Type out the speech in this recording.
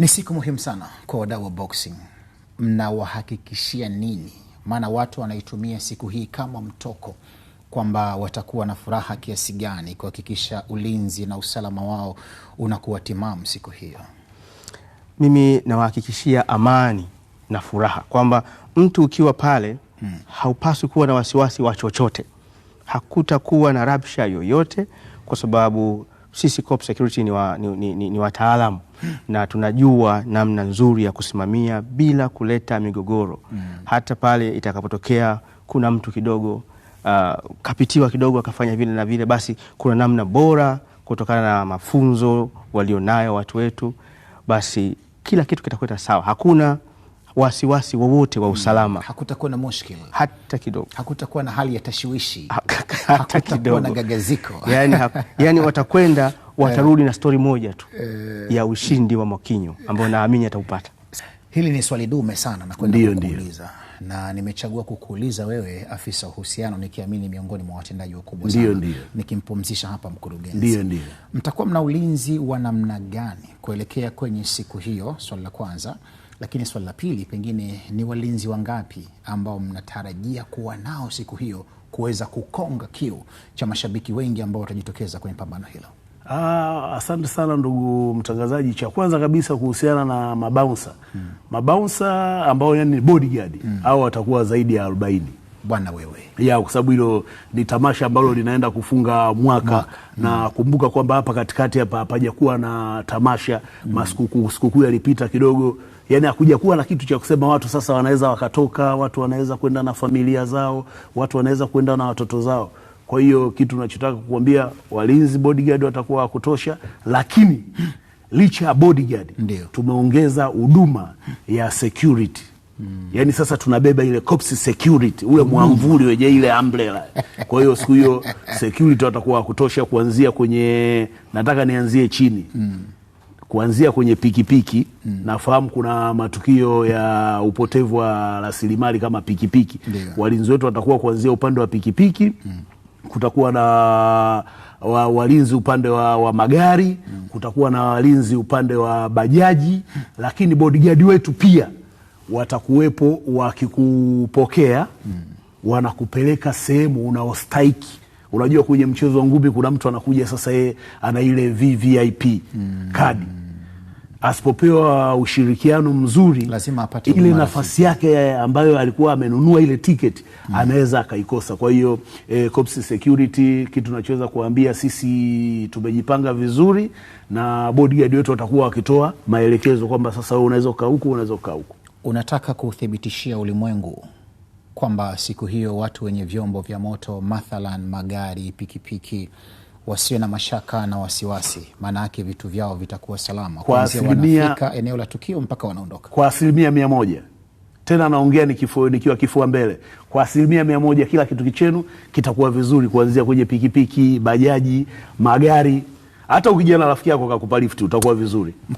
Ni siku muhimu sana kwa wadau wa boxing, mnawahakikishia nini? Maana watu wanaitumia siku hii kama mtoko, kwamba watakuwa na furaha kiasi gani kuhakikisha ulinzi na usalama wao unakuwa timamu siku hiyo. Mimi nawahakikishia amani na furaha kwamba mtu ukiwa pale hmm, haupaswi kuwa na wasiwasi wa chochote. Hakutakuwa na rabsha yoyote, kwa sababu sisi Corp Security ni, wa, ni, ni, ni, ni wataalamu na tunajua namna nzuri ya kusimamia bila kuleta migogoro mm. Hata pale itakapotokea kuna mtu kidogo uh, kapitiwa kidogo akafanya vile na vile, basi kuna namna bora kutokana na mafunzo walionayo watu wetu, basi kila kitu kitakwenda sawa, hakuna wasiwasi wowote wa hmm. usalama. Hakutakuwa na hata kidogo, hakutakuwa na hali ya tashwishi hata kidogo, na gagaziko yani, ha, yani watakwenda eh. watarudi na stori moja tu eh. ya ushindi wa Mwakinyo ambao naamini ataupata. Hili ni swali dume sana na kwenda kuuliza na nimechagua kukuuliza wewe afisa uhusiano, nikiamini miongoni mwa watendaji wakubwa sana, nikimpumzisha hapa mkurugenzi. Mtakuwa mna ulinzi wa namna gani kuelekea kwenye siku hiyo? Swali la kwanza. Lakini swali la pili pengine ni walinzi wangapi ambao mnatarajia kuwa nao siku hiyo kuweza kukonga kiu cha mashabiki wengi ambao watajitokeza kwenye pambano hilo? Ah, asante sana ndugu mtangazaji. Cha kwanza kabisa kuhusiana na mabaunsa hmm. mabaunsa ambao yani bodyguard hmm. au watakuwa zaidi ya arobaini bwana wewe ya kwa sababu hilo ni tamasha ambalo linaenda kufunga mwaka Ma, na mm. Kumbuka kwamba hapa katikati hapa hapajakuwa na tamasha mm. Masikukuu sikukuu yalipita kidogo, yani hakuja kuwa na kitu cha kusema watu sasa wanaweza wakatoka, watu wanaweza kwenda na familia zao, watu wanaweza kwenda na watoto zao. Kwa hiyo kitu tunachotaka kukuambia, walinzi bodyguard watakuwa wa kutosha, lakini licha ya bodyguard, tumeongeza huduma ya security Mm. Yaani sasa tunabeba ile cops security ule mm. mwamvuli mm. wenye ile umbrella. Kwa hiyo siku hiyo security watakuwa kutosha kuanzia kwenye nataka nianzie chini. Mm. Kuanzia kwenye pikipiki mm. nafahamu kuna matukio ya upotevu wa rasilimali kama pikipiki. Walinzi wetu watakuwa kuanzia upande wa pikipiki mm. kutakuwa na wa, walinzi upande wa, wa magari mm. kutakuwa na walinzi upande wa bajaji mm. lakini bodyguard wetu pia watakuwepo wakikupokea mm. wanakupeleka sehemu unaostahiki. Unajua, kwenye mchezo wa ngumi kuna mtu anakuja sasa, yeye ana ile VVIP mm. kadi asipopewa ushirikiano mzuri ile nafasi yake ambayo alikuwa amenunua ile tiketi mm. anaweza akaikosa. Kwa hiyo eh, Cops Security, kitu nachoweza kuambia sisi, tumejipanga vizuri na bodyguard wetu watakuwa wakitoa maelekezo kwamba sasa wewe unaweza ukaa huku, unaweza ukaa huku unataka kuuthibitishia ulimwengu kwamba siku hiyo watu wenye vyombo vya moto mathalan magari, pikipiki wasio na mashaka na wasiwasi, maana yake vitu vyao vitakuwa salama kuanzia wanafika eneo la tukio mpaka wanaondoka kwa asilimia mia moja. Tena naongea nikiwa kifua mbele, kwa asilimia mia moja kila kitu kichenu kitakuwa vizuri, kuanzia kwenye pikipiki, bajaji, magari. Hata ukijana rafiki yako kakupa lifti utakuwa vizuri.